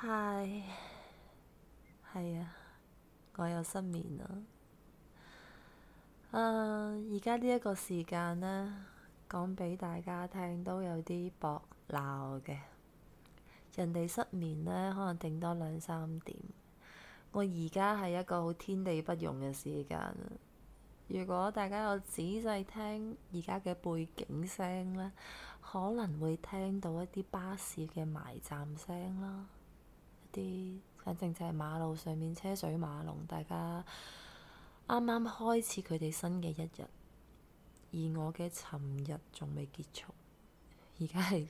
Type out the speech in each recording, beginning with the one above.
係係啊！我又失眠啦。誒，而家呢一個時間呢，講俾大家聽都有啲博鬧嘅。人哋失眠呢，可能頂多兩三點。我而家係一個好天地不容嘅時間。如果大家有仔細聽而家嘅背景聲呢，可能會聽到一啲巴士嘅埋站聲啦。啲，反正就係馬路上面車水馬龍，大家啱啱開始佢哋新嘅一日，而我嘅尋日仲未結束。而家係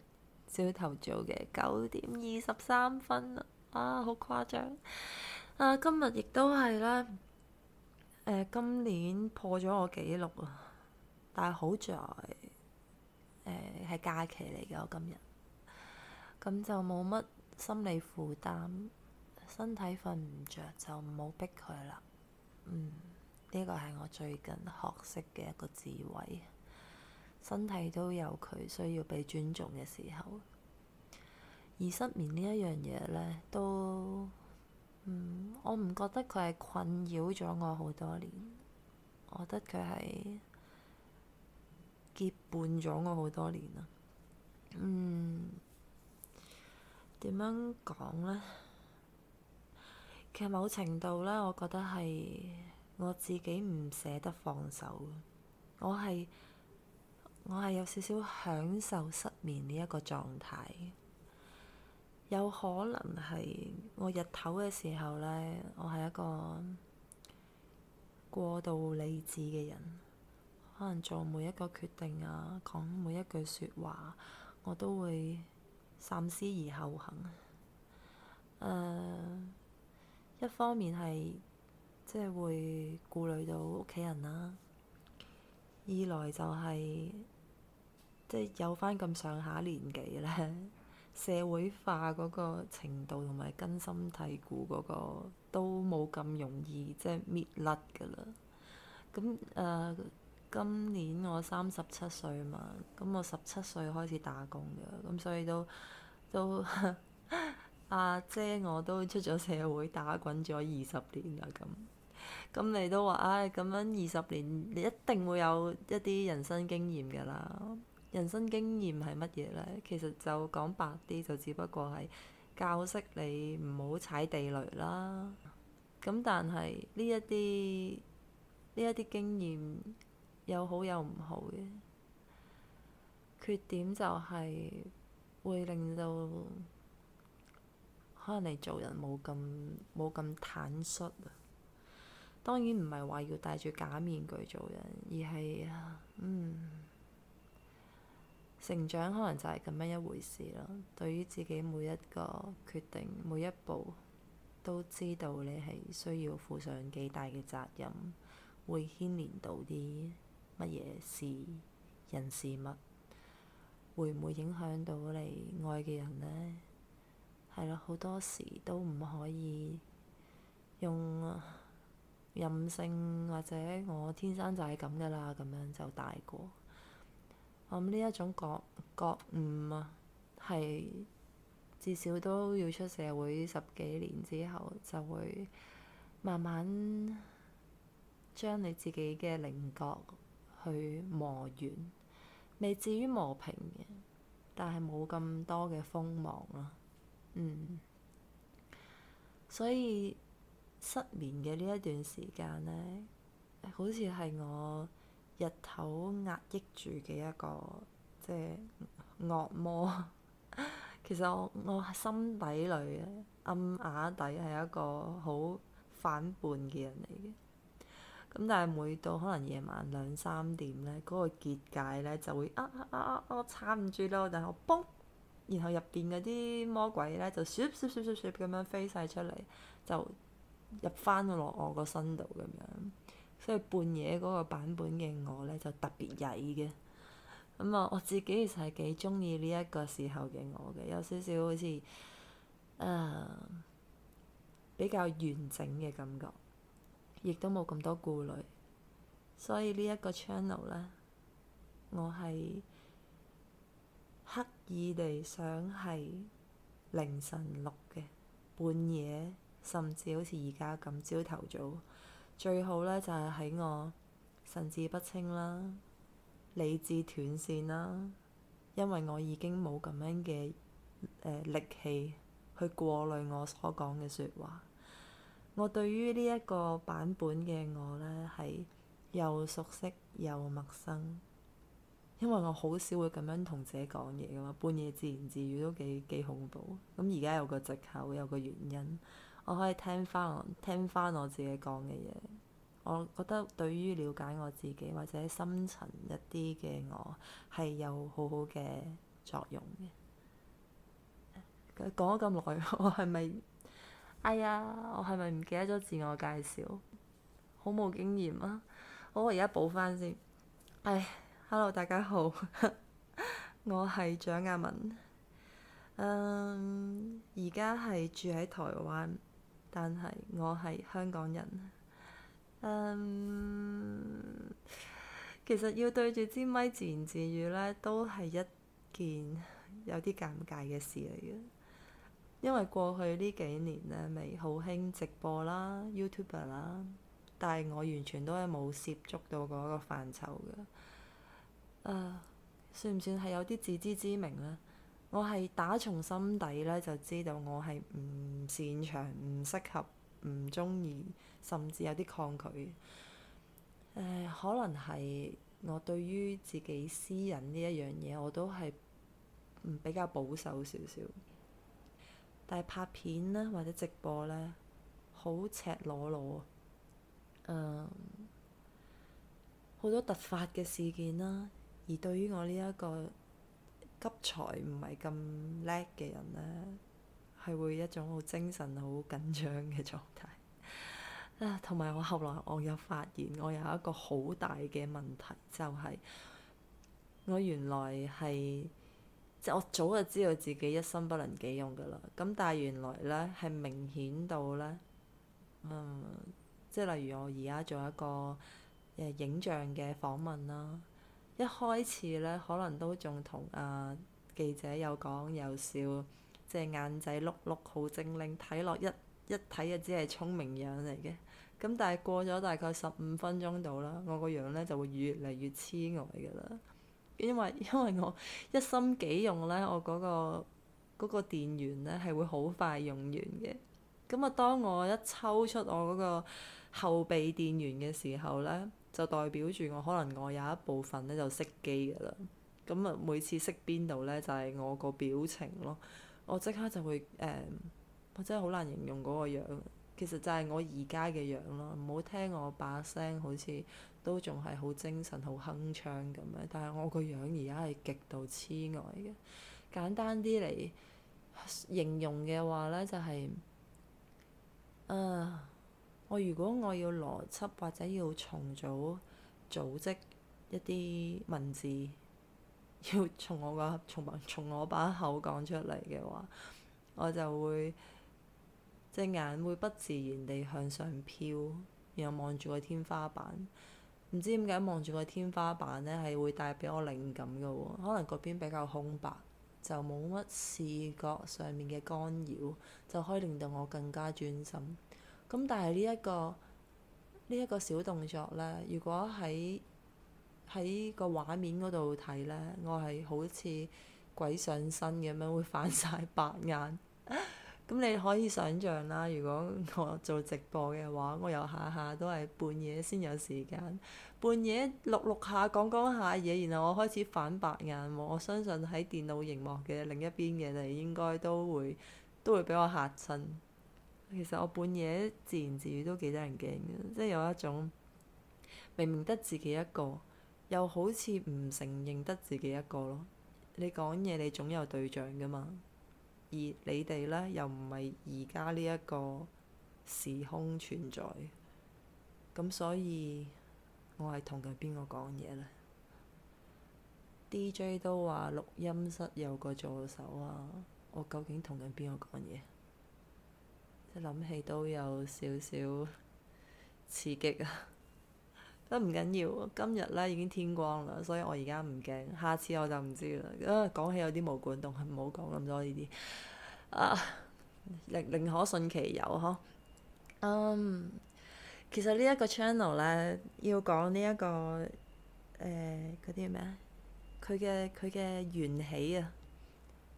朝頭早嘅九點二十三分啊，好誇張啊！今日亦都係啦，今年破咗我紀錄啊，但係好在，誒係假期嚟嘅，我今日咁就冇乜。心理負擔，身體瞓唔着就唔好逼佢啦。嗯，呢個係我最近學識嘅一個智慧。身體都有佢需要被尊重嘅時候。而失眠呢一樣嘢呢，都，嗯，我唔覺得佢係困擾咗我好多年。我覺得佢係結伴咗我好多年啦。嗯。點樣講呢？其實某程度咧，我覺得係我自己唔捨得放手，我係我係有少少享受失眠呢一個狀態。有可能係我日頭嘅時候咧，我係一個過度理智嘅人，可能做每一個決定啊，講每一句說話，我都會。三思而後行。誒、uh,，一方面係即係會顧慮到屋企人啦，二來就係、是、即係有返咁上下年紀咧，社會化嗰個程度同埋根深蒂固嗰個都冇咁容易即係搣甩噶啦。咁誒。Uh, 今年我三十七歲嘛，咁我十七歲開始打工㗎，咁所以都都阿、 啊、姐我都出咗社會打滾咗二十年啦。咁咁你都話唉，咁、哎、樣二十年你一定會有一啲人生經驗㗎啦。人生經驗係乜嘢呢？其實就講白啲，就只不過係教識你唔好踩地雷啦。咁但係呢一啲呢一啲經驗。有好有唔好嘅，缺點就係會令到可能你做人冇咁冇咁坦率啊。當然唔係話要戴住假面具做人，而係，嗯，成長可能就係咁樣一回事咯。對於自己每一個決定、每一步，都知道你係需要負上幾大嘅責任，會牽連到啲。乜嘢事、人事物，會唔會影響到你愛嘅人呢？係咯，好多時都唔可以用任性或者我天生就係咁㗎啦，咁樣就帶過。咁呢一種覺覺悟啊，係、嗯、至少都要出社會十幾年之後，就會慢慢將你自己嘅稜角，去磨完，未至於磨平嘅，但係冇咁多嘅鋒芒咯。嗯，所以失眠嘅呢一段時間呢，好似係我日頭壓抑住嘅一個即係惡魔。 其實我我心底裏暗啞底係一個好反叛嘅人嚟嘅。咁 但係每到可能夜晚兩三點咧，嗰個結界咧就會啊啊啊啊啊撐唔住咯，然後嘣，然後入邊嗰啲魔鬼咧就唰唰唰咁樣飛晒出嚟，就入翻落我個身度咁樣，所以半夜嗰個版本嘅我咧就特別曳嘅。咁啊，我自己其實係幾中意呢一個時候嘅我嘅，有少少好似誒比較完整嘅感覺。亦都冇咁多顧慮。所以呢一個 channel 咧，我係刻意地想係凌晨錄嘅，半夜甚至好似而家咁朝頭早，最好咧就係、是、喺我神志不清啦、理智斷線啦，因為我已經冇咁樣嘅誒、呃、力氣去過濾我所講嘅說話。我對於呢一個版本嘅我咧，係又熟悉又陌生，因為我好少會咁樣同自己講嘢㗎嘛，半夜自言自語都幾幾恐怖。咁而家有個藉口，有個原因，我可以聽翻聽翻我自己講嘅嘢，我覺得對於了解我自己或者深層一啲嘅我係有好好嘅作用嘅。講咗咁耐，我係咪？哎呀，我係咪唔記得咗自我介紹？好冇經驗啊！好，我而家補翻先。唉、哎、hello 大家好， 我係蔣雅文。嗯，而家係住喺台灣，但係我係香港人。嗯、um，其實要對住支咪，咪自言自語呢，都係一件有啲尷尬嘅事嚟嘅。因為過去呢幾年咧，咪好興直播啦、YouTube 啦，但係我完全都係冇涉足到嗰個範疇嘅。Uh, 算唔算係有啲自知之明呢？我係打從心底咧就知道，我係唔擅長、唔適合、唔中意，甚至有啲抗拒。Uh, 可能係我對於自己私隱呢一樣嘢，我都係比較保守少少。但係拍片啦，或者直播咧，好赤裸裸啊！嗯，好多突發嘅事件啦，而對於我呢一個急才唔係咁叻嘅人咧，係會一種好精神好緊張嘅狀態。啊，同埋我後來我有發現，我有一個好大嘅問題，就係、是、我原來係。即我早就知道自己一生不能幾用㗎啦，咁但係原來呢係明顯到呢，嗯，即係例如我而家做一個誒影像嘅訪問啦，一開始呢，可能都仲同啊記者有講有笑，即係眼仔碌碌好精靈，睇落一一睇就只係聰明樣嚟嘅，咁但係過咗大概十五分鐘度啦，我個樣呢就會越嚟越痴呆㗎啦。因為因為我一心幾用呢，我嗰個嗰個電源呢係會好快用完嘅。咁啊，當我一抽出我嗰個後備電源嘅時候呢，就代表住我可能我有一部分呢就熄機㗎啦。咁啊，每次熄邊度呢，就係我個表情咯。我即刻就會誒，我真係好難形容嗰個樣。其實就係我而家嘅樣咯。唔好聽我把聲好似～都仲係好精神、好鏗鏘咁樣，但係我個樣而家係極度痴呆嘅。簡單啲嚟形容嘅話呢，就係、是、啊，我如果我要邏輯或者要重組組織一啲文字，要從我個從從我把口講出嚟嘅話，我就會隻、就是、眼會不自然地向上飄，然後望住個天花板。唔知點解望住個天花板呢係會帶俾我靈感嘅喎，哦。可能嗰邊比較空白，就冇乜視覺上面嘅干擾，就可以令到我更加專心。咁但係呢一個呢一個小動作呢，如果喺喺個畫面嗰度睇呢，我係好似鬼上身咁樣，會反晒白眼。 咁你可以想像啦，如果我做直播嘅話，我又下下都係半夜先有時間，半夜錄錄下講講下嘢，然後我開始反白眼。我相信喺電腦熒幕嘅另一邊嘅你應該都會都會俾我嚇親。其實我半夜自言自語都幾得人驚嘅，即係有一種明明得自己一個，又好似唔承認得自己一個咯。你講嘢你總有對象㗎嘛。而你哋呢，又唔係而家呢一個時空存在，咁所以我係同緊邊個講嘢呢？DJ 都話錄音室有個助手啊，我究竟同緊邊個講嘢？即諗起都有少少刺激啊！啊，唔緊要，今日咧已經天光啦，所以我而家唔驚。下次我就唔知啦。啊，講起有啲毛管戙，唔好講咁多呢啲。啊，寧寧可信其有呵。嗯，um, 其實頻道呢一個 channel 咧，要講呢一個誒嗰啲咩啊，佢嘅佢嘅緣起啊，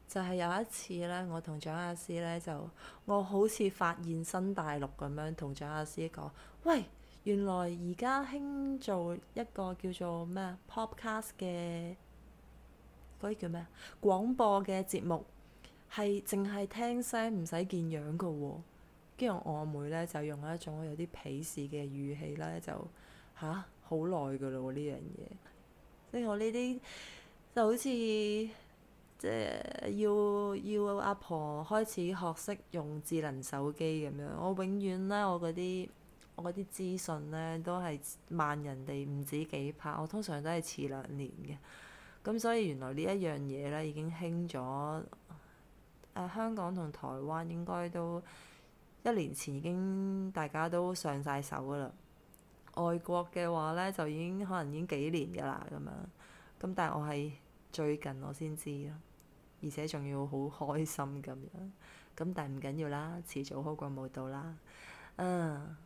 就係有一次咧，我同蔣亞師咧就我好似發現新大陸咁樣，同蔣亞師講，喂。原來而家興做一個叫做咩 podcast 嘅嗰啲叫咩啊，廣播嘅節目，係淨係聽聲唔使見樣噶喎。跟住我阿妹咧就用一種有啲鄙視嘅語氣咧，就吓，啊、好耐噶啦喎呢樣嘢。即係我呢啲就好似即係要要阿婆開始學識用智能手機咁樣。我永遠咧我嗰啲。我嗰啲資訊咧都係慢人哋唔止幾拍，我通常都係遲兩年嘅。咁所以原來呢一樣嘢咧已經興咗，呃，香港同台灣應該都一年前已經大家都上晒手噶啦。外國嘅話咧就已經可能已經幾年噶啦咁樣。咁但係我係最近我先知咯，而且仲要好開心咁樣。咁但係唔緊要啦，遲早好過冇到啦。嗯。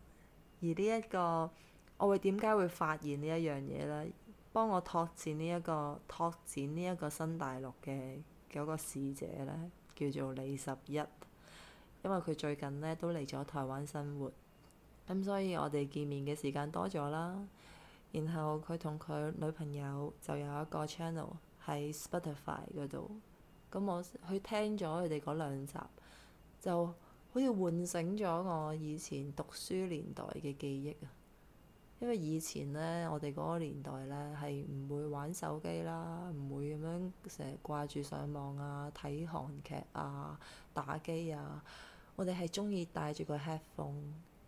而呢一個，我會點解會發現呢一樣嘢咧？幫我拓展呢一個，拓展呢一個新大陸嘅嗰個使者咧，叫做李十一。因為佢最近咧都嚟咗台灣生活，咁所以我哋見面嘅時間多咗啦。然後佢同佢女朋友就有一個 channel 喺 Spotify 嗰度。咁我佢聽咗佢哋嗰兩集，就，好似喚醒咗我以前讀書年代嘅記憶啊！因為以前呢，我哋嗰個年代呢，係唔會玩手機啦，唔會咁樣成日掛住上網啊、睇韓劇啊、打機啊。我哋係中意戴住個 headphone，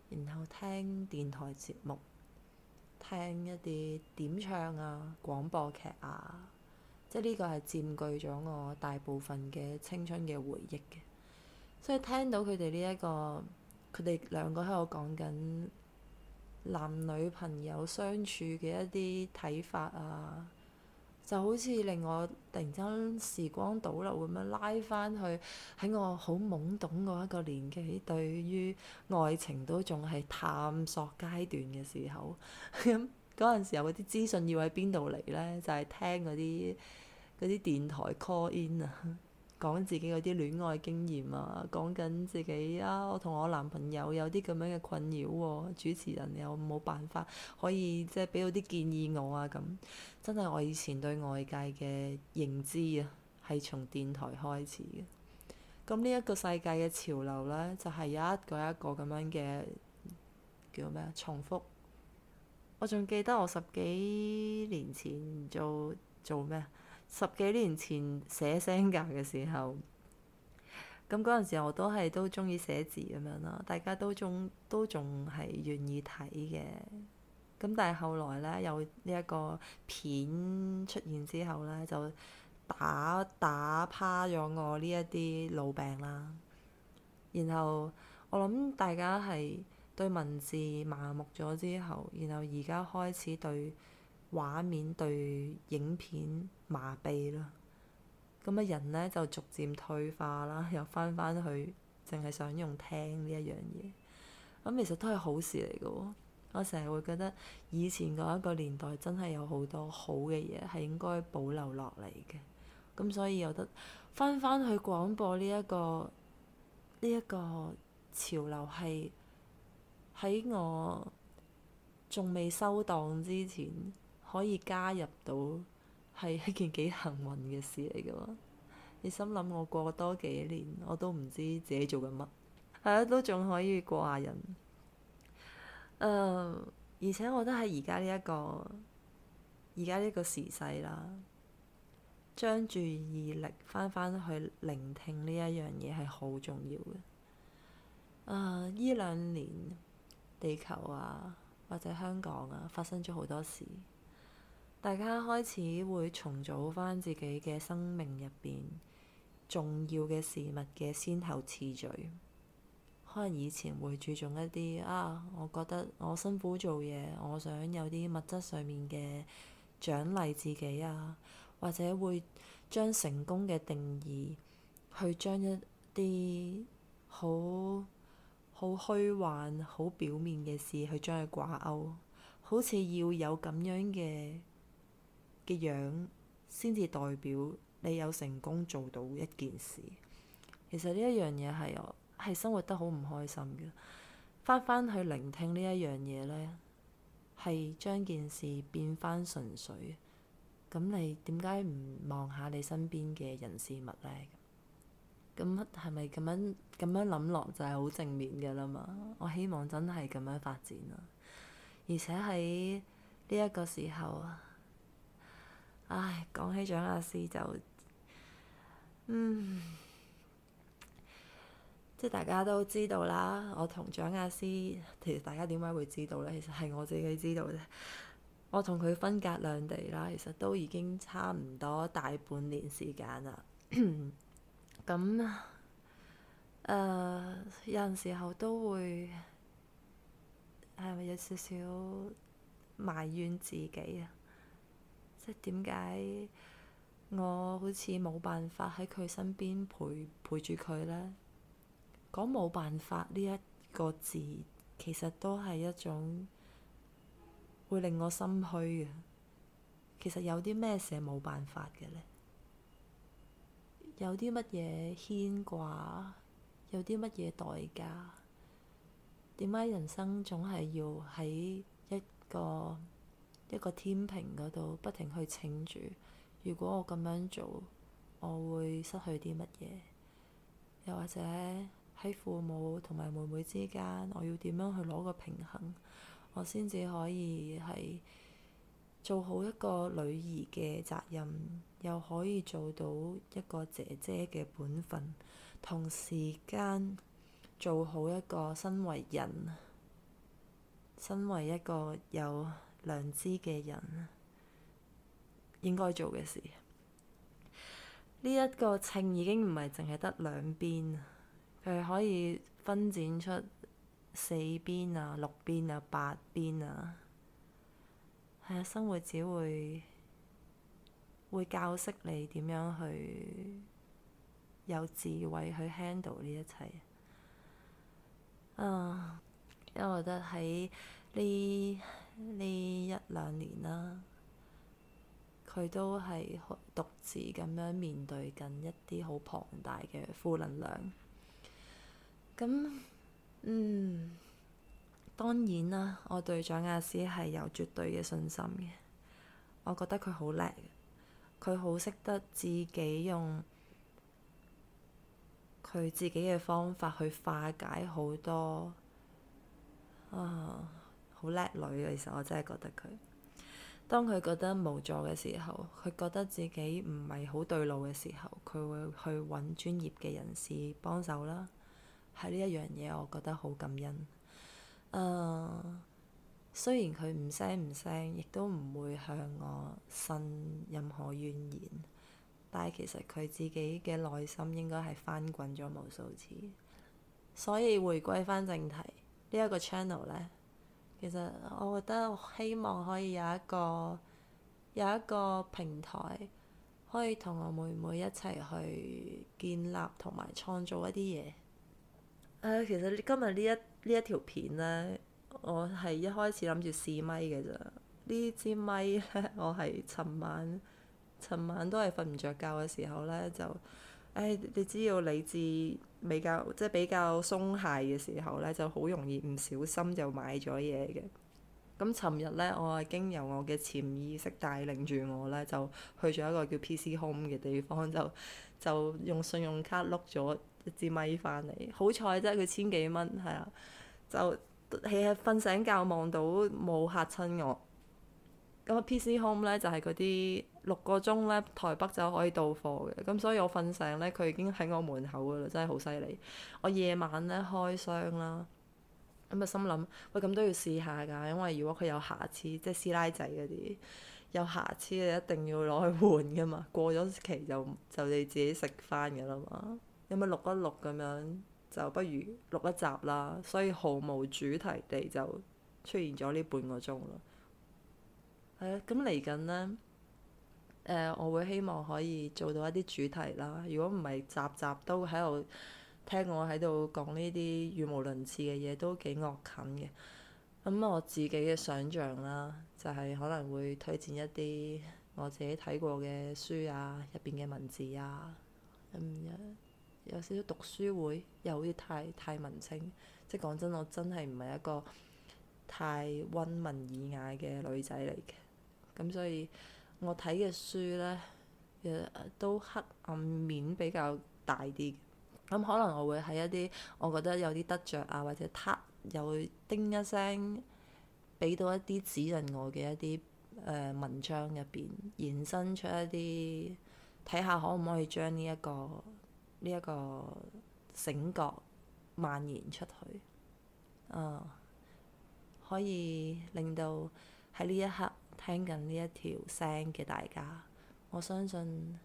然後聽電台節目，聽一啲點唱啊、廣播劇啊。即係呢個係佔據咗我大部分嘅青春嘅回憶嘅。即係聽到佢哋呢一個，佢哋兩個喺度講緊男女朋友相處嘅一啲睇法啊，就好似令我突然間時光倒流咁樣拉翻去喺我好懵懂嘅一個年紀，對於愛情都仲係探索階段嘅時候，咁嗰陣時候嗰啲資訊要喺邊度嚟呢？就係聽嗰啲嗰啲電台 call in 啊！講自己嗰啲戀愛經驗啊，講緊自己啊，我同我男朋友有啲咁樣嘅困擾喎，主持人又冇辦法可以即係俾到啲建議我啊咁，真係我以前對外界嘅認知啊，係從電台開始嘅。咁呢一個世界嘅潮流呢，就係有一個一個咁樣嘅叫咩啊，重複。我仲記得我十幾年前做做咩？十幾年前寫聲價嘅時候，咁嗰陣時我都係都中意寫字咁樣啦。大家都仲都仲係願意睇嘅，咁但係後來咧有呢一個片出現之後咧，就打打趴咗我呢一啲老病啦。然後我諗大家係對文字麻木咗之後，然後而家開始對畫面、對影片。麻痹咯，咁啊人咧就逐漸退化啦，又翻翻去，淨係想用聽呢一樣嘢。咁其實都係好事嚟嘅。我成日會覺得以前嗰一個年代真係有好多好嘅嘢係應該保留落嚟嘅。咁所以又得翻翻去廣播呢一個呢一個潮流係喺我仲未收檔之前可以加入到，係一件幾幸運嘅事嚟㗎喎，你心諗我過多幾年，我都唔知自己做緊乜，係啊，都仲可以過下人。誒、呃，而且我覺得喺而家呢一個，而家呢個時勢啦，將注意力翻翻去聆聽呢一樣嘢係好重要嘅。呢依兩年地球啊，或者香港啊，發生咗好多事。大家開始會重組返自己嘅生命入邊重要嘅事物嘅先後次序，可能以前會注重一啲啊，我覺得我辛苦做嘢，我想有啲物質上面嘅獎勵自己啊，或者會將成功嘅定義去將一啲好好虛幻、好表面嘅事去將佢掛鈎，好似要有咁樣嘅嘅樣先至代表你有成功做到一件事。其實呢一樣嘢係我係生活得好唔開心嘅。翻翻去聆聽呢一樣嘢呢，係將件事變翻純粹。咁你點解唔望下你身邊嘅人事物呢？咁係咪咁樣咁樣諗落就係好正面嘅啦嘛？我希望真係咁樣發展啊，而且喺呢一個時候。唉，講起蔣雅詩就，嗯，即係大家都知道啦。我同蔣雅詩，其實大家點解會知道呢？其實係我自己知道啫。我同佢分隔兩地啦，其實都已經差唔多大半年時間啦。咁，誒、 呃、有陣時候都會係咪有少少埋怨自己啊？即點解我好似冇辦法喺佢身邊陪陪住佢呢？講冇辦法呢一個字，其實都係一種會令我心虛嘅。其實有啲咩事冇辦法嘅呢？有啲乜嘢牽掛？有啲乜嘢代價？點解人生總係要喺一個？一個天平嗰度不停去稱住，如果我咁樣做，我會失去啲乜嘢？又或者喺父母同埋妹妹之間，我要點樣去攞個平衡，我先至可以係做好一個女兒嘅責任，又可以做到一個姐姐嘅本分，同時間做好一個身為人、身為一個有，良知嘅人應該做嘅事，呢、這、一個稱已經唔係淨係得兩邊，佢可以分展出四邊啊、六邊啊、八邊啊。係啊，生活只會會教識你點樣去有智慧去 handle 呢一切。啊，因為我覺得喺呢～呢一兩年啦，佢都係獨自咁樣面對緊一啲好龐大嘅負能量。咁，嗯，當然啦，我對蔣亞斯係有絕對嘅信心嘅。我覺得佢好叻，佢好識得自己用佢自己嘅方法去化解好多，啊好叻女，嘅。其實我真係覺得佢。當佢覺得無助嘅時候，佢覺得自己唔係好對路嘅時候，佢會去揾專業嘅人士幫手啦。係呢一樣嘢，我覺得好感恩。誒、uh，雖然佢唔聲唔聲，亦都唔會向我呻任何怨言，但係其實佢自己嘅內心應該係翻滾咗無數次。所以回歸返正題，這個、道呢一個 channel 呢。其實我覺得希望可以有一個有一個平台，可以同我妹妹一齊去建立同埋創造一啲嘢。誒，uh，其實今日呢一呢一條片呢，我係一開始諗住試咪嘅啫。呢支咪呢，我係尋晚尋晚都係瞓唔着覺嘅時候呢，就。唉、哎，你只要理智比較即係比較鬆懈嘅時候呢，就好容易唔小心就買咗嘢嘅。咁尋日呢，我係經由我嘅潛意識帶領住我呢，就去咗一個叫 PC Home 嘅地方，就就用信用卡碌咗一支咪翻嚟。好彩啫，佢千幾蚊係啊，就係啊，瞓醒覺望到冇嚇親我。咁 PC Home 咧就係嗰啲六個鐘咧台北就可以到貨嘅，咁所以我瞓醒咧佢已經喺我門口噶啦，真係好犀利。我夜晚咧開箱啦，咁啊心諗喂，咁都要試下㗎，因為如果佢有瑕疵，即係師奶仔嗰啲有瑕疵，你一定要攞去換噶嘛。過咗期就就你自己食翻㗎啦嘛。有冇錄一錄咁樣，就不如錄一集啦，所以毫無主題地就出現咗呢半個鐘啦。係咯，咁嚟緊呢，誒、呃，我會希望可以做到一啲主題啦。如果唔係集集都喺度聽我喺度講呢啲語無倫次嘅嘢，都幾惡啃嘅。咁、嗯、我自己嘅想像啦，就係、是、可能會推薦一啲我自己睇過嘅書啊，入邊嘅文字啊，咁、嗯、有少少讀書會，又好似太太文青。即係講真，我真係唔係一個太温文爾雅嘅女仔嚟嘅。咁所以我睇嘅書呢，誒都黑暗面比較大啲。咁可能我會喺一啲我覺得有啲得着啊，或者突又會叮一聲，俾到一啲指引我嘅一啲誒、呃、文章入邊，延伸出一啲睇下可唔可以將呢一個呢一、呢個醒覺蔓延出去，啊、嗯，可以令到。喺呢一刻，聽緊呢一條聲嘅大家，我相信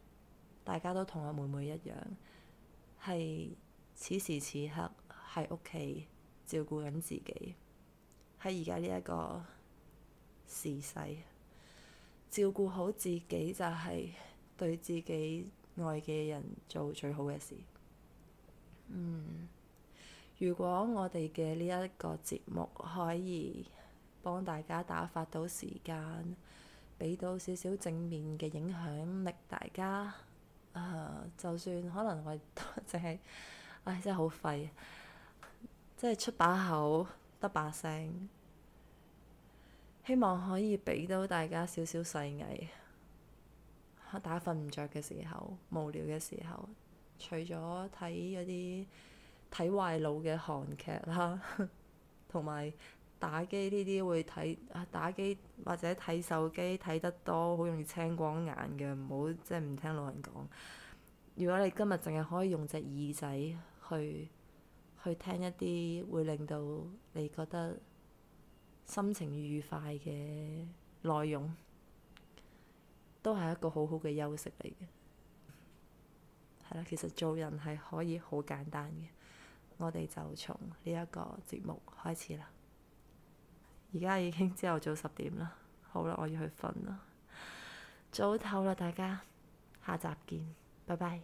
大家都同我妹妹一樣，係此時此刻喺屋企照顧緊自己。喺而家呢一個時勢，照顧好自己就係對自己愛嘅人做最好嘅事。嗯，如果我哋嘅呢一個節目可以～幫大家打發到時間，俾到少少正面嘅影響力大家。啊，就算可能我淨係，唉、哎，真係好廢，真係出把口得把聲。希望可以俾到大家少少細藝。打瞓唔着嘅時候，無聊嘅時候，除咗睇嗰啲睇壞腦嘅韓劇啦，同埋。打機呢啲會睇打機或者睇手機睇得多，好容易青光眼嘅，唔好，即係唔聽老人講。如果你今日淨係可以用隻耳仔去去聽一啲會令到你覺得心情愉快嘅內容，都係一個好好嘅休息嚟嘅。係啦，其實做人係可以好簡單嘅。我哋就從呢一個節目開始啦。而家已經朝頭早十點啦，好啦，我要去瞓啦，早唞啦，大家，下集見，拜拜。